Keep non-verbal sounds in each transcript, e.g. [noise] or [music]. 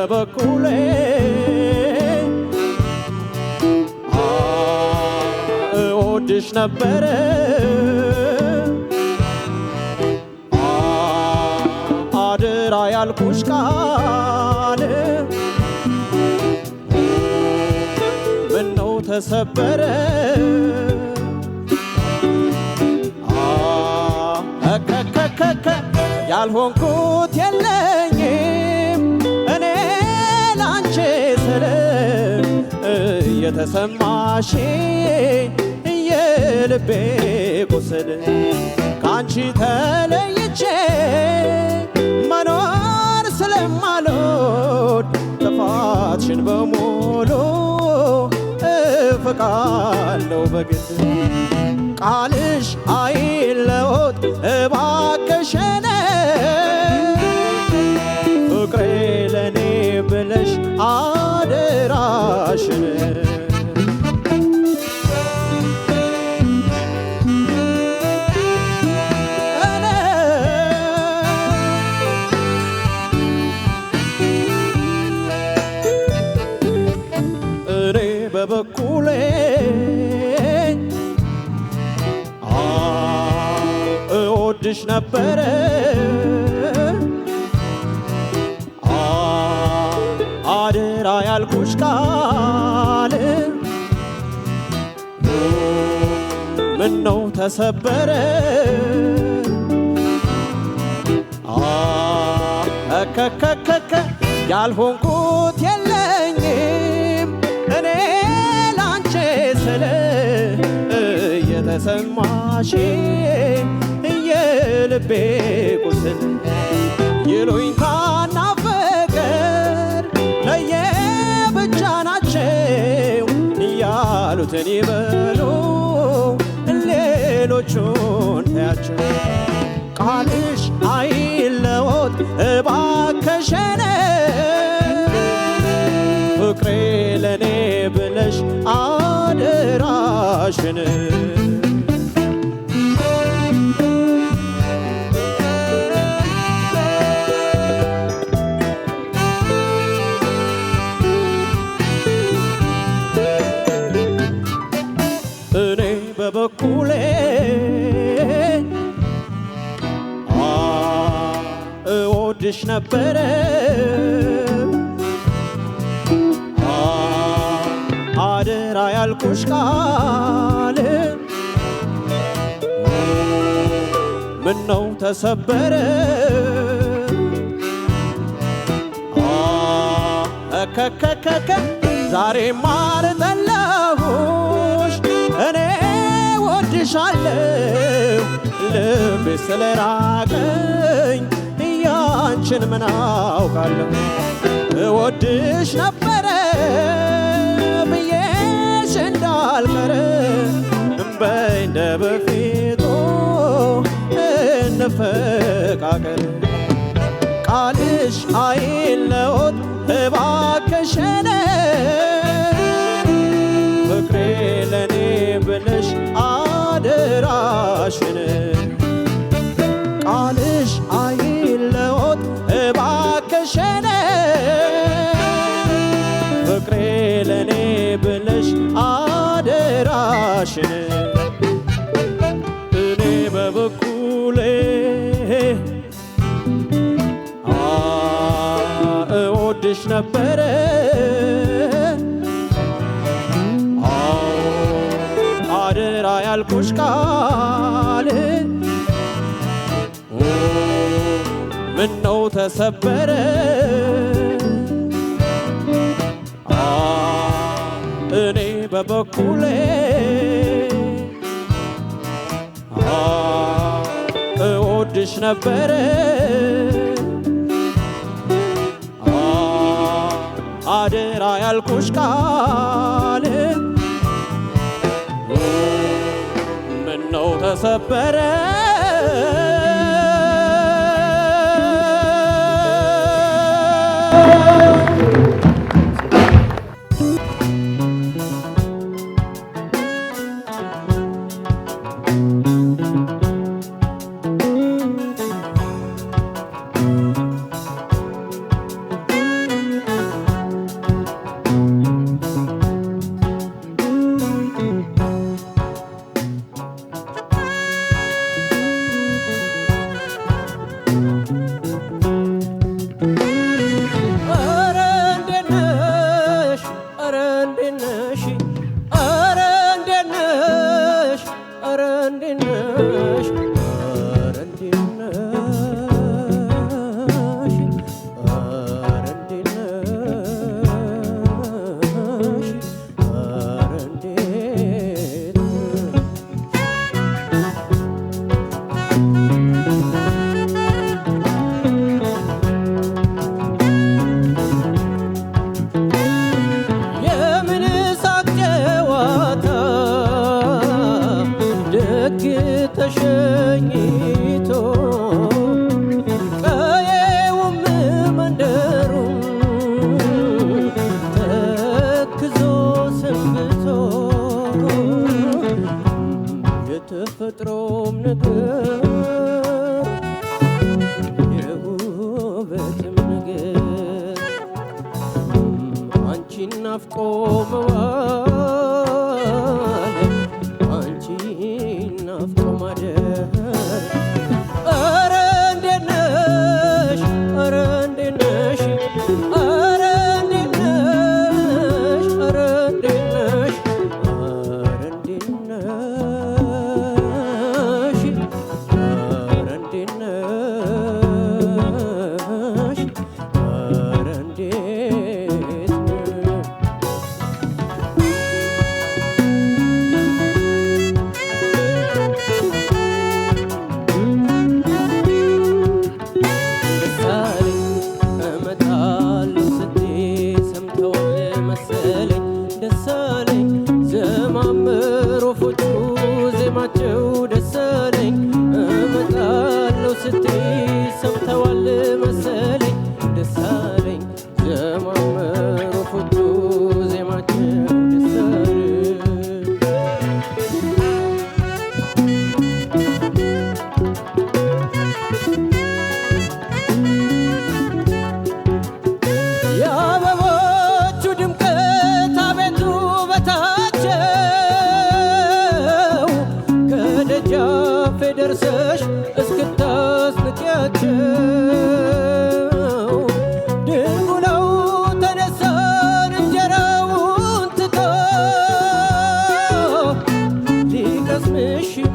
በበኩሌ እወድሽ ነበረ አድራ ያልኩሽ ቃል ምነው ተሰበረ ያልሆንኩት የለኝ ምስል እየተሰማሽ የልቤ ቁስል ከአንቺ ተለይቼ መኖር ስለማልወድ ጥፋትሽን በሙሉ እፈቃለሁ በግል ቃል ያልኩሽ ቃል ነው ተሰበረ ከከከከ ያልሆንኩት የለኝም እኔ ላንቺ ስል እየተሰማሽ እየልቤ ቁስል ይሉኝታና ያሉትን ይበሉ ሌሎቹን ተያቸው። ቃልሽ አይለወጥ እባከሸነ ፍቅሬ ለኔ ብለሽ አደራሽን ወድሽ ነበረ አደራ ያልኩሽ ቃል ምነው ተሰበረ ከከከከ ዛሬ ማልጠላሁሽ እኔ ወድሻለሁ ልብ ስለራቀኝ አንቺን ምን አውቃለሁ እወድሽ ነበረ ብዬሽ እንዳልቀረ እንበይ እንደ በፊቱ እንፈቃቀር ቃልሽ አይለወጥ እባክሽን ፍቅሬ ለእኔ ብለሽ አደራሽን እወድሽ ነበረ አዎ አደራ ያልኩሽ ቃል ምነው ተሰበረ እኔ በበኩሌ እወድሽ ነበረ አደራ ያልኩሽ ቃል ምነው ተሰበረ ናፍቆ መዋል mama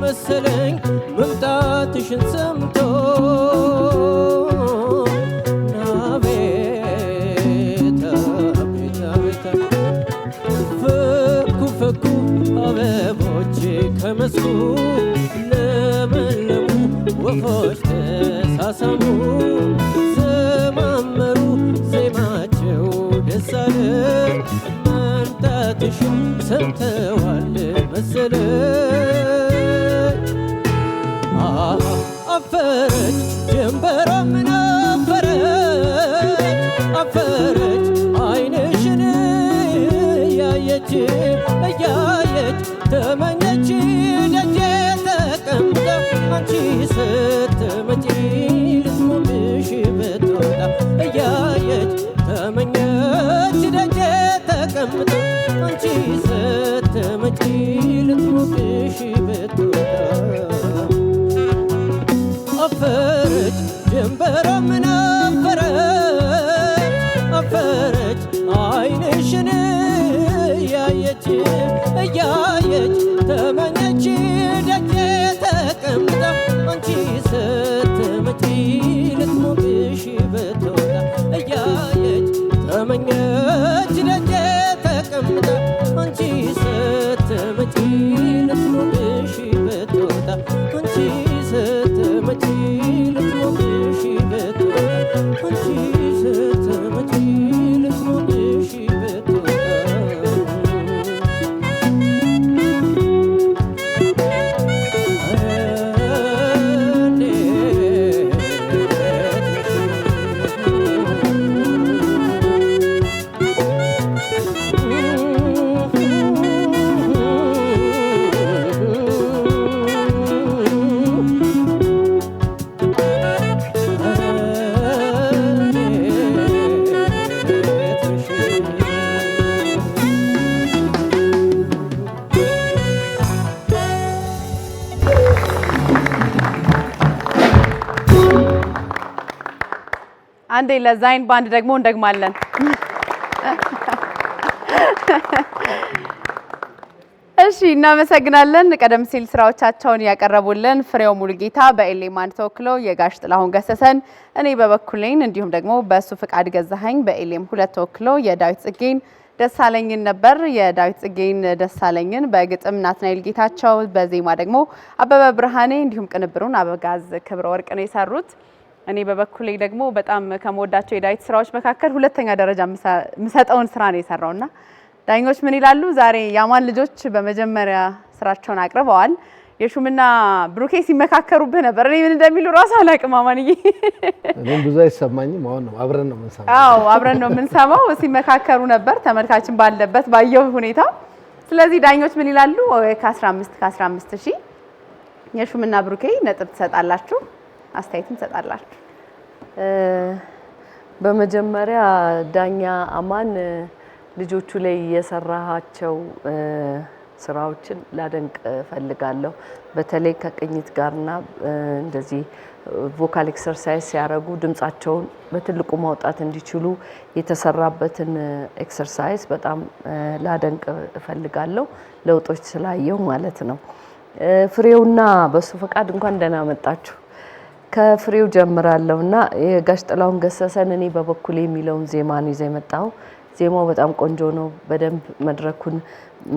መሰለኝ መምጣትሽን ሰምቶ ፈኩ ፈኩ አበቦች ከመስኩ ለመለሙ ወፎች ተሳሳሙ ዘማመሩ ዜማቸው ደስ አለ መምጣትሽን ሰምተዋል መሰለኝ አፈረች ጀንበሯም ናፈረች አፈረች አይንሽን እያየች እያየች ተመኘች ደጄ ተቀምጣ አንቺ ስትመጪ ልስሙትሽ ብትወጣ እያየች ተመኘች ደጄ ተቀምጣ አንቺ But up. 或许。ለዛይን ባንድ ደግሞ እንደግማለን። እሺ እናመሰግናለን። ቀደም ሲል ስራዎቻቸውን ያቀረቡልን ፍሬው ሙሉጌታ በኤሌማንድ ተወክሎ የጋሽ ጥላሁን ገሰሰን፣ እኔ በበኩሌን እንዲሁም ደግሞ በእሱ ፍቃድ ገዛኸኝ በኤሌም ሁለት ተወክሎ የዳዊት ጽጌን ደሳለኝን ነበር። የዳዊት ጽጌን ደሳለኝን በግጥም ናትናኤል ጌታቸው፣ በዜማ ደግሞ አበበ ብርሃኔ እንዲሁም ቅንብሩን አበጋዝ ክብረ ወርቅ ነው የሰሩት። እኔ በበኩሌ ደግሞ በጣም ከምወዳቸው የዳዊት ስራዎች መካከል ሁለተኛ ደረጃ የምሰጠውን ስራ ነው የሰራው እና ዳኞች ምን ይላሉ? ዛሬ የአማን ልጆች በመጀመሪያ ስራቸውን አቅርበዋል። የሹምና ብሩኬ ሲመካከሩብህ ነበር። እኔ ምን እንደሚሉ ራሱ አላቅም። አማንዬ እኔም ብዙ አይሰማኝም። አሁን ነው አብረን ነው የምንሰማው። አዎ አብረን ነው የምንሰማው። ሲመካከሩ ነበር ተመልካችን ባለበት ባየው ሁኔታ። ስለዚህ ዳኞች ምን ይላሉ? ከ15 ከ15 ሺህ የሹምና ብሩኬ ነጥብ ትሰጣላችሁ አስተያየትን ትሰጣላችሁ። በመጀመሪያ ዳኛ አማን ልጆቹ ላይ የሰራሃቸው ስራዎችን ላደንቅ ፈልጋለሁ በተለይ ከቅኝት ጋርና እንደዚህ ቮካል ኤክሰርሳይዝ ሲያደርጉ ድምጻቸውን በትልቁ ማውጣት እንዲችሉ የተሰራበትን ኤክሰርሳይዝ በጣም ላደንቅ እፈልጋለሁ። ለውጦች ስላየው ማለት ነው። ፍሬውና በሱ ፈቃድ እንኳን ደህና መጣችሁ። ከፍሬው ጀምራለሁ እና የጋሽ ጥላሁን ገሰሰን እኔ በበኩሌ የሚለውን ዜማ ነው ይዘ የመጣው። ዜማው በጣም ቆንጆ ነው። በደንብ መድረኩን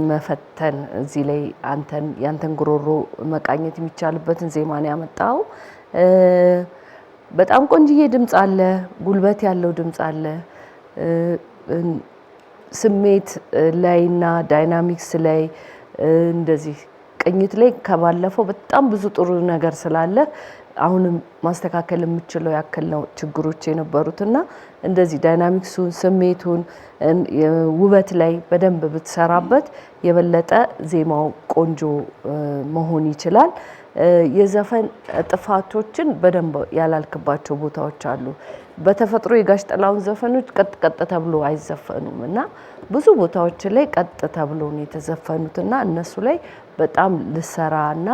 መፈተን እዚህ ላይ አንተን ያንተን ጉሮሮ መቃኘት የሚቻልበትን ዜማ ነው ያመጣው። በጣም ቆንጅዬ ድምፅ አለ፣ ጉልበት ያለው ድምፅ አለ። ስሜት ላይና ዳይናሚክስ ላይ እንደዚህ ቅኝት ላይ ከባለፈው በጣም ብዙ ጥሩ ነገር ስላለ አሁንም ማስተካከል የምችለው ያክል ነው ችግሮች የነበሩት እና እንደዚህ ዳይናሚክሱን ስሜቱን ውበት ላይ በደንብ ብትሰራበት የበለጠ ዜማው ቆንጆ መሆን ይችላል። የዘፈን ጥፋቶችን በደንብ ያላልክባቸው ቦታዎች አሉ። በተፈጥሮ የጋሽ ጥላሁን ዘፈኖች ቀጥ ቀጥ ተብሎ አይዘፈኑም እና ብዙ ቦታዎች ላይ ቀጥ ተብሎ ነው የተዘፈኑት እና እነሱ ላይ በጣም ልሰራ እና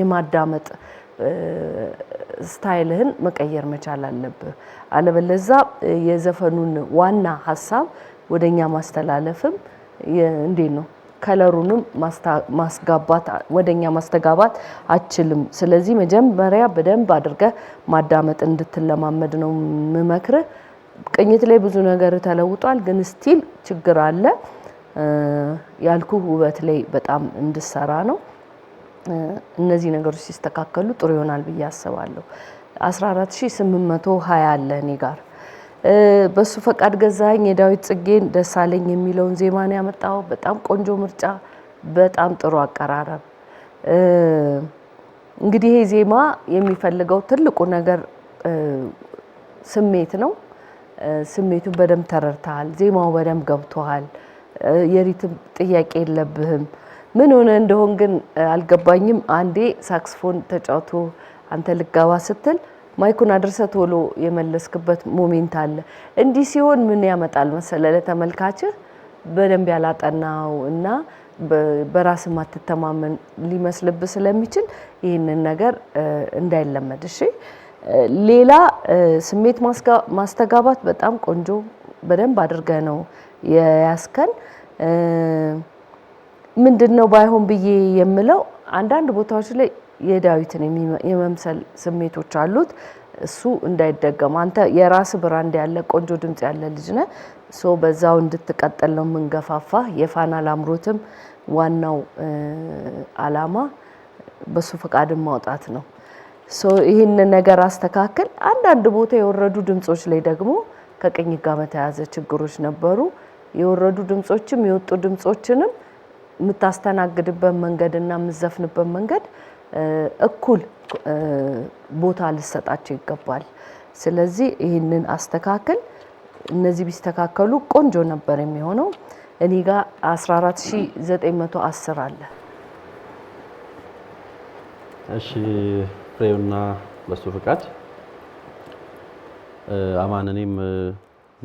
የማዳመጥ ስታይልህን መቀየር መቻል አለብህ። አለበለዛ የዘፈኑን ዋና ሀሳብ ወደኛ ማስተላለፍም እንዴት ነው ከለሩንም ማስጋባት ወደኛ ማስተጋባት አችልም። ስለዚህ መጀመሪያ በደንብ አድርገህ ማዳመጥ እንድትለማመድ ነው የምመክርህ። ቅኝት ላይ ብዙ ነገር ተለውጧል፣ ግን ስቲል ችግር አለ። ያልኩህ ውበት ላይ በጣም እንድሰራ ነው። እነዚህ ነገሮች ሲስተካከሉ ጥሩ ይሆናል ብዬ አስባለሁ። 14820 አለ እኔ ጋር በሱ ፈቃድ ገዛኝ የዳዊት ጽጌን ደሳለኝ የሚለውን ዜማ ነው ያመጣው። በጣም ቆንጆ ምርጫ፣ በጣም ጥሩ አቀራረብ። እንግዲህ ይሄ ዜማ የሚፈልገው ትልቁ ነገር ስሜት ነው። ስሜቱን በደንብ ተረድተሃል። ዜማው በደንብ ገብቶሃል። የሪትም ጥያቄ የለብህም። ምን ሆነ እንደሆን ግን አልገባኝም። አንዴ ሳክስፎን ተጫውቶ አንተ ልጋባ ስትል ማይኩን አድርሰ ቶሎ የመለስክበት ሞሜንት አለ። እንዲህ ሲሆን ምን ያመጣል መሰለ ለተመልካችህ በደንብ ያላጠናው እና በራስ ማትተማመን ሊመስልብ ስለሚችል ይህንን ነገር እንዳይለመድ። እሺ፣ ሌላ ስሜት ማስተጋባት በጣም ቆንጆ፣ በደንብ አድርገ ነው ያስከን ምንድን ነው ባይሆን ብዬ የምለው አንዳንድ ቦታዎች ላይ የዳዊትን የመምሰል ስሜቶች አሉት። እሱ እንዳይደገም አንተ የራስ ብራንድ ያለ ቆንጆ ድምፅ ያለ ልጅ ነ ሶ በዛው እንድትቀጠል ነው የምንገፋፋ። የፋና ላምሮትም ዋናው አላማ በሱ ፈቃድን ማውጣት ነው። ሶ ይህን ነገር አስተካክል። አንዳንድ ቦታ የወረዱ ድምጾች ላይ ደግሞ ከቅኝት ጋር በተያያዘ ችግሮች ነበሩ። የወረዱ ድምጾችም የወጡ ድምጾችንም የምታስተናግድበት መንገድ እና የምዘፍንበት መንገድ እኩል ቦታ ልሰጣቸው ይገባል። ስለዚህ ይህንን አስተካክል፣ እነዚህ ቢስተካከሉ ቆንጆ ነበር የሚሆነው። እኔ ጋር 14910 አለ። እሺ ፍሬውና በሱ ፍቃድ አማን እኔም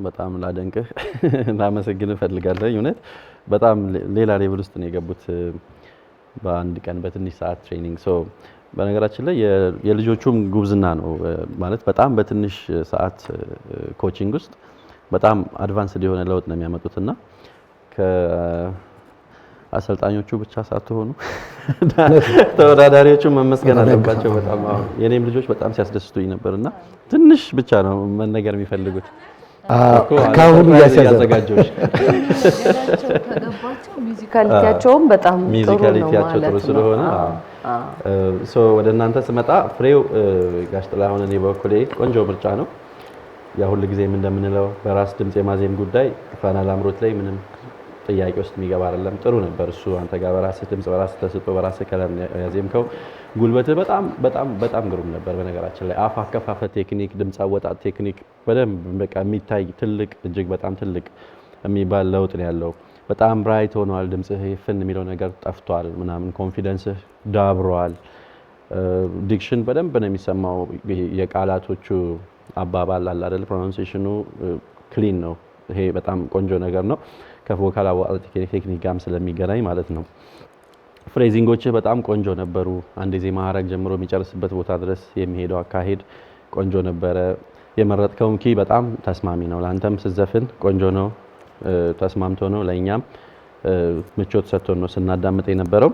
በጣም ላደንቅህ [laughs] ላመሰግን እፈልጋለሁ። እውነት በጣም ሌላ ሌቭል ውስጥ ነው የገቡት በአንድ ቀን በትንሽ ሰዓት ትሬኒንግ። በነገራችን ላይ የልጆቹም ጉብዝና ነው ማለት በጣም በትንሽ ሰዓት ኮቺንግ ውስጥ በጣም አድቫንስድ የሆነ ለውጥ ነው የሚያመጡት እና ከአሰልጣኞቹ ብቻ ሳትሆኑ [laughs] ተወዳዳሪዎቹ መመስገን አለባቸው። በጣም የእኔም ልጆች በጣም ሲያስደስቱኝ ነበር እና ትንሽ ብቻ ነው መነገር የሚፈልጉት ከአሁኑ ያዘጋጆች ሙዚካሊቲያቸውም በጣም ሙዚካሊቲያቸው ጥሩ ስለሆነ ወደ እናንተ ስመጣ ፍሬው ጋሽ ጥላሁን እኔ በኩሌ ቆንጆ ምርጫ ነው። ያ ሁልጊዜም እንደምንለው በራስ ድምፅ የማዜም ጉዳይ ፋና ላምሮት ላይ ምንም ጥያቄ ውስጥ የሚገባ አይደለም። ጥሩ ነበር እሱ። አንተ ጋር በራስህ ድምጽ፣ በራስህ ተሰጥኦ፣ በራስህ ከለም ያዜምከው ጉልበትህ በጣም በጣም በጣም ግሩም ነበር። በነገራችን ላይ አፍ አከፋፈ ቴክኒክ፣ ድምፅ አወጣት ቴክኒክ በደንብ በቃ የሚታይ ትልቅ እጅግ በጣም ትልቅ የሚባል ለውጥ ነው ያለው። በጣም ብራይት ሆኗል ድምፅህ። ፍን የሚለው ነገር ጠፍቷል ምናምን፣ ኮንፊደንስህ ዳብሯል። ዲክሽን በደንብ ነው የሚሰማው። የቃላቶቹ አባባል አለ አይደል? ፕሮናንሴሽኑ ክሊን ነው። ይሄ በጣም ቆንጆ ነገር ነው። ከቮካል አወጣጥ ቴክኒክ ጋርም ስለሚገናኝ ማለት ነው። ፍሬዚንጎች በጣም ቆንጆ ነበሩ። አንድ ዜማ ማረግ ጀምሮ የሚጨርስበት ቦታ ድረስ የሚሄደው አካሄድ ቆንጆ ነበረ። የመረጥከውም ኪ በጣም ተስማሚ ነው። ለአንተም ስዘፍን ቆንጆ ነው፣ ተስማምቶ ነው ለእኛም ምቾት ሰጥቶ ነው ስናዳምጥ የነበረው።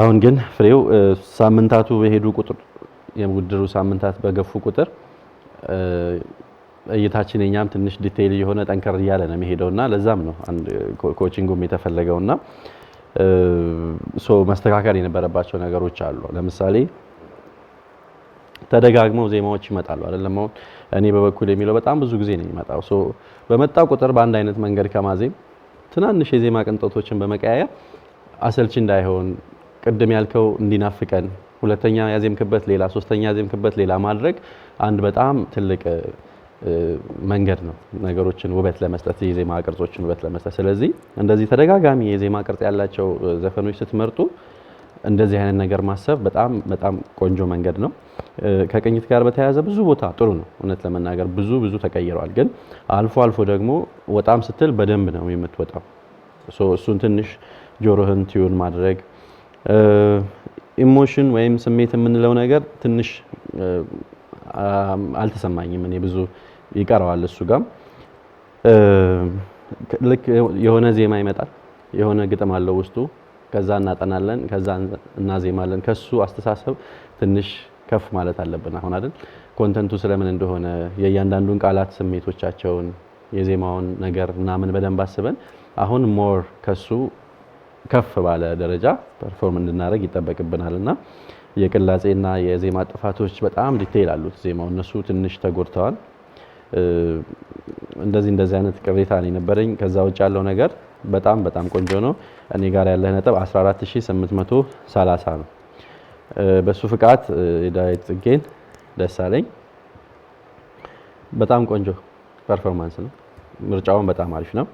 አሁን ግን ፍሬው ሳምንታቱ በሄዱ ቁጥር የውድድሩ ሳምንታት በገፉ ቁጥር እይታችን የኛም ትንሽ ዲቴይል የሆነ ጠንከር እያለ ነው እና ለዛም ነው ኮቺንጉም የተፈለገውና መስተካከል የነበረባቸው ነገሮች አሉ። ለምሳሌ ተደጋግመው ዜማዎች ይመጣሉ አይደለም። አሁን እኔ በበኩል የሚለው በጣም ብዙ ጊዜ ነው የሚመጣው። በመጣ ቁጥር በአንድ አይነት መንገድ ከማዜም ትናንሽ የዜማ ቅንጠቶችን በመቀያየር አሰልች እንዳይሆን ቅድም ያልከው እንዲናፍቀን፣ ሁለተኛ ያዜምክበት ሌላ፣ ሶስተኛ ያዜምክበት ሌላ ማድረግ አንድ በጣም ትልቅ መንገድ ነው ነገሮችን ውበት ለመስጠት የዜማ ቅርጾችን ውበት ለመስጠት። ስለዚህ እንደዚህ ተደጋጋሚ የዜማ ቅርጽ ያላቸው ዘፈኖች ስትመርጡ እንደዚህ አይነት ነገር ማሰብ በጣም በጣም ቆንጆ መንገድ ነው። ከቅኝት ጋር በተያያዘ ብዙ ቦታ ጥሩ ነው። እውነት ለመናገር ብዙ ብዙ ተቀይረዋል። ግን አልፎ አልፎ ደግሞ ወጣም ስትል በደንብ ነው የምትወጣው። እሱን ትንሽ ጆሮህን ቲዩን ማድረግ ኢሞሽን ወይም ስሜት የምንለው ነገር ትንሽ አልተሰማኝም እኔ ብዙ ይቀረዋል። እሱ ጋም ልክ የሆነ ዜማ ይመጣል፣ የሆነ ግጥም አለው ውስጡ። ከዛ እናጠናለን፣ ከዛ እናዜማለን። ከሱ አስተሳሰብ ትንሽ ከፍ ማለት አለብን። አሁን አይደል ኮንተንቱ ስለምን እንደሆነ የእያንዳንዱን ቃላት ስሜቶቻቸውን፣ የዜማውን ነገር ምናምን በደንብ አስበን አሁን ሞር ከሱ ከፍ ባለ ደረጃ ፐርፎርም እንድናደርግ ይጠበቅብናል እና የቅላጼና የዜማ ጥፋቶች በጣም ዲቴይል አሉት ዜማው። እነሱ ትንሽ ተጎድተዋል። እንደዚህ እንደዚህ አይነት ቅሬታ ነው የነበረኝ። ከዛ ውጭ ያለው ነገር በጣም በጣም ቆንጆ ነው። እኔ ጋር ያለህ ነጥብ 14830 ነው። በሱ ፍቃድ የዳዊት ጽጌን ደሳለኝ በጣም ቆንጆ ፐርፎርማንስ ነው። ምርጫውን በጣም አሪፍ ነው።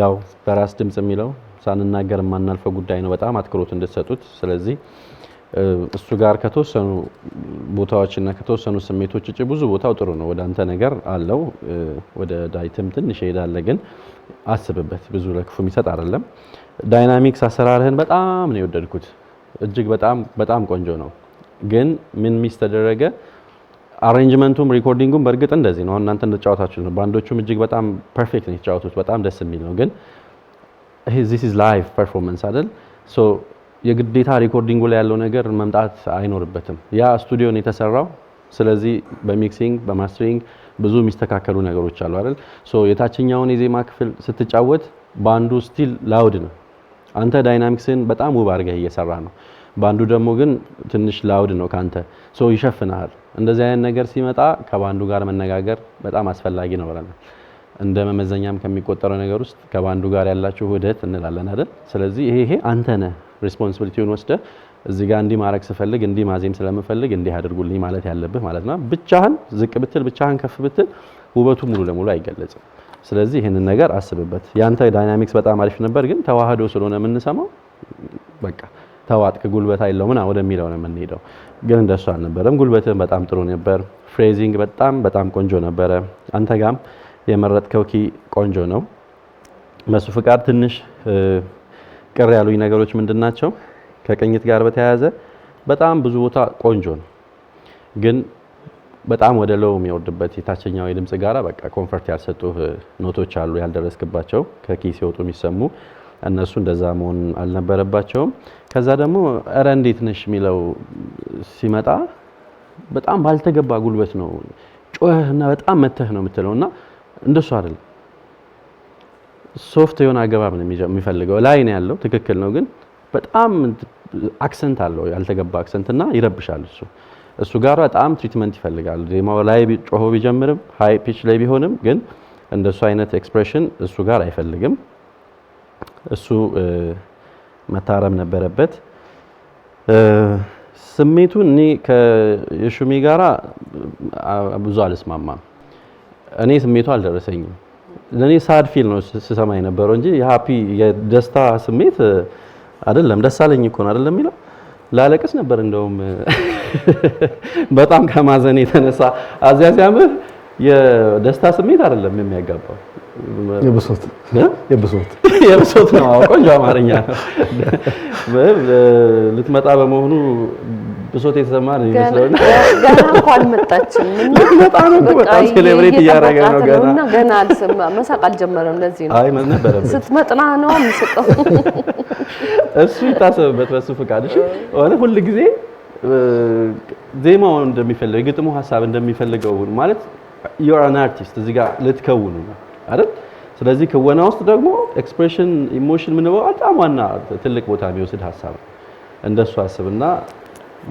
ያው በራስ ድምጽ የሚለው ሳንናገር የማናልፈው ጉዳይ ነው። በጣም አትኩሮት እንድትሰጡት ስለዚህ እሱ ጋር ከተወሰኑ ቦታዎችና ከተወሰኑ ስሜቶች ውጭ ብዙ ቦታው ጥሩ ነው። ወደ አንተ ነገር አለው ወደ ዳይትም ትንሽ ሄዳለ፣ ግን አስብበት። ብዙ ለክፉ የሚሰጥ አይደለም። ዳይናሚክስ አሰራርህን በጣም ነው የወደድኩት። እጅግ በጣም በጣም ቆንጆ ነው። ግን ምን ሚስ ተደረገ? አሬንጅመንቱም ሪኮርዲንጉም በእርግጥ እንደዚህ ነው። እናንተ እንደተጫወታችሁ ነው። ባንዶቹም እጅግ በጣም ፐርፌክት ነው የተጫወቱት። በጣም ደስ የሚል ነው። ግን ዚስ ኢዝ ላይቭ ፐርፎርመንስ አይደል የግዴታ ሪኮርዲንጉ ላይ ያለው ነገር መምጣት አይኖርበትም። ያ ስቱዲዮን የተሰራው ስለዚህ በሚክሲንግ በማስተሪንግ ብዙ የሚስተካከሉ ነገሮች አሉ አይደል? ሶ የታችኛውን የዜማ ክፍል ስትጫወት ባንዱ ስቲል ላውድ ነው። አንተ ዳይናሚክስን በጣም ውብ አድርገህ እየሰራ ነው። ባንዱ ደግሞ ግን ትንሽ ላውድ ነው ካንተ። ሶ ይሸፍናል። እንደዚህ አይነት ነገር ሲመጣ ከባንዱ ጋር መነጋገር በጣም አስፈላጊ ነው ብለናል። እንደ መመዘኛም ከሚቆጠረው ነገር ውስጥ ከባንዱ ጋር ያላችሁ ውህደት እንላለን አይደል? ስለዚህ ይሄ ይሄ አንተ ነህ ሪስፖንሲቢሊቲውን ወስደ እዚህ ጋር እንዲህ ማድረግ ስፈልግ እንዲህ ማዜም ስለምፈልግ እንዲህ አድርጉልኝ ማለት ያለብህ ማለት ነው። ብቻህን ዝቅ ብትል ብቻህን ከፍ ብትል ውበቱ ሙሉ ለሙሉ አይገለጽም። ስለዚህ ይህንን ነገር አስብበት። ያንተ ዳይናሚክስ በጣም አሪፍ ነበር፣ ግን ተዋህዶ ስለሆነ የምንሰማው በቃ ተዋጥቅ ጉልበት አይለው ምና ወደሚለው ነው የምንሄደው። ግን እንደሱ አልነበረም። ጉልበትህን በጣም ጥሩ ነበር። ፍሬዚንግ በጣም በጣም ቆንጆ ነበረ። አንተ ጋም የመረጥከው ኪ ቆንጆ ነው። በሱ ፍቃድ ትንሽ ቅር ያሉኝ ነገሮች ምንድን ናቸው? ከቅኝት ጋር በተያያዘ በጣም ብዙ ቦታ ቆንጆ ነው፣ ግን በጣም ወደ ሎው የሚወርድበት የታችኛው የድምጽ ጋራ በቃ ኮንፈርት ያልሰጡህ ኖቶች አሉ ያልደረስክባቸው ከኪ ሲወጡ የሚሰሙ እነሱ እንደዛ መሆን አልነበረባቸውም። ከዛ ደግሞ እረ እንዴት ነሽ የሚለው ሲመጣ በጣም ባልተገባ ጉልበት ነው ጮኸህና በጣም መተህ ነው የምትለው እና እንደሱ አይደለም። ሶፍት የሆነ አገባብ ነው የሚፈልገው። ላይ ነው ያለው ትክክል ነው፣ ግን በጣም አክሰንት አለው ያልተገባ አክሰንት እና ይረብሻል። እሱ እሱ ጋር በጣም ትሪትመንት ይፈልጋል። ዜማው ላይ ጮሆ ቢጀምርም ሃይ ፒች ላይ ቢሆንም ግን እንደሱ አይነት ኤክስፕሬሽን እሱ ጋር አይፈልግም። እሱ መታረም ነበረበት። ስሜቱ እኔ ከሹሚ ጋራ ብዙ አልስማማም። እኔ ስሜቱ አልደረሰኝም። ለእኔ ሳድ ፊል ነው ስሰማ የነበረው እንጂ የሀፒ የደስታ ስሜት አይደለም። ደስ አለኝ እኮ ነው አይደለም የሚለው ላለቅስ ነበር እንደውም [laughs] በጣም ከማዘን የተነሳ አዚያዚያምህ የደስታ ስሜት አይደለም የሚያጋባው፣ የብሶት የብሶት [laughs] የብሶት ነው። ቆንጆ አማርኛ ነው። [laughs] ልትመጣ በመሆኑ ብሶት የተሰማ ነው የሚመስለው። ገና እንኳን መጣችም በጣም በጣም ሴሌብሬት እያደረገ ነው። ገና ገና አልሰማ መሳቅ አልጀመረም። ለዚህ ነው አይ ነበረበት ስትመጥና ነው የምስቀው። [laughs] እሱ ይታሰብበት በሱ ፍቃድ። እሺ ሆነ ሁል ጊዜ ዜማውን እንደሚፈልገው የግጥሙ ሀሳብ እንደሚፈልገው ማለት you are an artist እዚህ ጋር ልትከውኑ ነው አይደል? ስለዚህ ክወና ውስጥ ደግሞ ኤክስፕሬሽን ኢሞሽን ምንበው በጣም ዋና ትልቅ ቦታ የሚወስድ ሀሳብ ነው። እንደሱ አስብና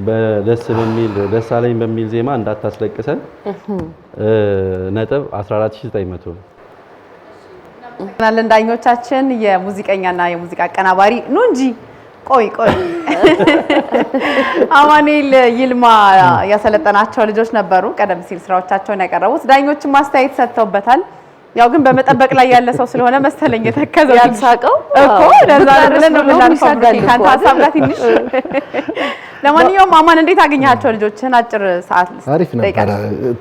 በደስ በሚል ደሳለኝ በሚል ዜማ እንዳታስለቅሰን ነጥብ 14900 ነው። ዳኞቻችን፣ የሙዚቀኛና የሙዚቃ አቀናባሪ ኑ እንጂ ቆይ ቆይ። አማኔል ይልማ ያሰለጠናቸው ልጆች ነበሩ። ቀደም ሲል ስራዎቻቸውን ያቀረቡት ዳኞችን ማስተያየት ሰጥተውበታል። ያው ግን በመጠበቅ ላይ ያለ ሰው ስለሆነ መሰለኝ የተከዘው ያልሳቀው እኮ ለዛ ብለን ነው የምናልፈው። ከአንተ ሀሳብ ጋር ትንሽ [laughs] ለማንኛውም አማን እንዴት አገኘሃቸው ልጆችህን? አጭር ሰዓት አሪፍ ነበር።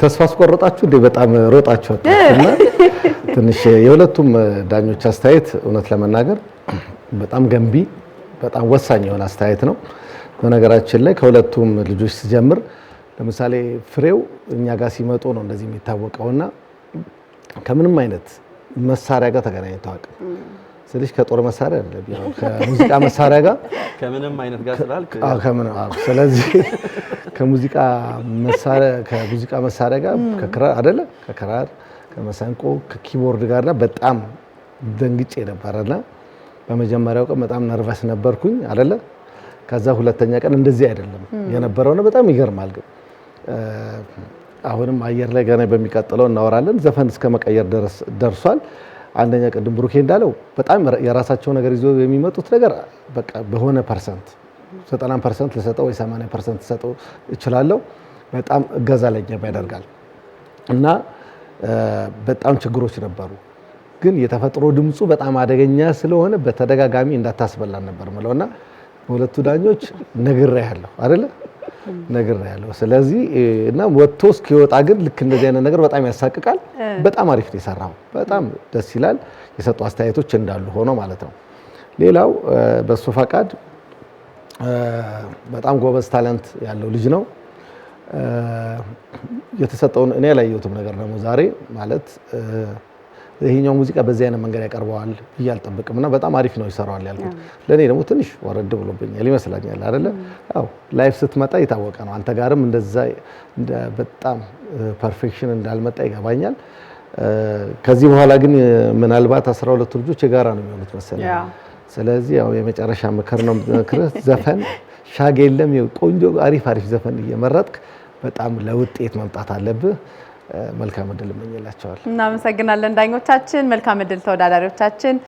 ተስፋ አስቆረጣችሁ እንዴ? በጣም ሮጣችሁ እና [laughs] ትንሽ የሁለቱም ዳኞች አስተያየት እውነት ለመናገር በጣም ገንቢ፣ በጣም ወሳኝ የሆነ አስተያየት ነው። በነገራችን ላይ ከሁለቱም ልጆች ስጀምር፣ ለምሳሌ ፍሬው እኛ ጋር ሲመጡ ነው እንደዚህ የሚታወቀውና ከምንም አይነት መሳሪያ ጋር ተገናኝ ታውቅ ስልሽ ከጦር መሳሪያ አይደለም ከሙዚቃ መሳሪያ ጋር ከምንም አይነት ጋር ስላልክ፣ አዎ ከምን አዎ። ስለዚህ [laughs] ከሙዚቃ መሳሪያ ከሙዚቃ መሳሪያ ጋር ከክራር አይደለ ከክራር ከመሰንቆ ከኪቦርድ ጋርና በጣም ደንግጬ ነበረና በመጀመሪያው ቀን በጣም ነርቨስ ነበርኩኝ አይደለ። ከዛ ሁለተኛ ቀን እንደዚህ አይደለም የነበረው ነው። በጣም ይገርማል ግን አሁንም አየር ላይ ገና በሚቀጥለው እናወራለን። ዘፈን እስከ መቀየር ድረስ ደርሷል። አንደኛ ቅድም ብሩኬ እንዳለው በጣም የራሳቸው ነገር ይዞ የሚመጡት ነገር በቃ በሆነ ፐርሰንት 90 ፐርሰንት ልሰጠው ወይ 80 ፐርሰንት ልሰጠው እችላለሁ። በጣም እገዛ ለእኛም ያደርጋል እና በጣም ችግሮች ነበሩ፣ ግን የተፈጥሮ ድምፁ በጣም አደገኛ ስለሆነ በተደጋጋሚ እንዳታስበላን ነበር ምለውና በሁለቱ ዳኞች ነግሬያለሁ አይደለ ነገር ያለው። ስለዚህ እና ወጥቶ እስኪወጣ ግን ልክ እንደዚህ አይነት ነገር በጣም ያሳቅቃል። በጣም አሪፍ ነው የሰራው። በጣም ደስ ይላል። የሰጡ አስተያየቶች እንዳሉ ሆኖ ማለት ነው። ሌላው በሱ ፈቃድ በጣም ጎበዝ ታለንት ያለው ልጅ ነው። የተሰጠውን እኔ ያላየሁትም ነገር ደግሞ ዛሬ ማለት ይሄኛው ሙዚቃ በዚህ አይነት መንገድ ያቀርበዋል ብዬ አልጠብቅም እና በጣም አሪፍ ነው ይሰራዋል ያልኩት። ለእኔ ደግሞ ትንሽ ወረድ ብሎብኛል ይመስለኛል አይደለ? ያው ላይፍ ስትመጣ የታወቀ ነው። አንተ ጋርም እንደዛ በጣም ፐርፌክሽን እንዳልመጣ ይገባኛል። ከዚህ በኋላ ግን ምናልባት አስራ ሁለቱ ልጆች የጋራ ነው የሚሆኑት መሰለኝ። ስለዚህ ያው የመጨረሻ ምክር ነው ምክርህ [laughs] ዘፈን ሻግ የለም ቆንጆ አሪፍ አሪፍ ዘፈን እየመረጥክ በጣም ለውጤት መምጣት አለብህ። መልካም እድል እመኝላቸዋል። እናመሰግናለን ዳኞቻችን። መልካም እድል ተወዳዳሪዎቻችን።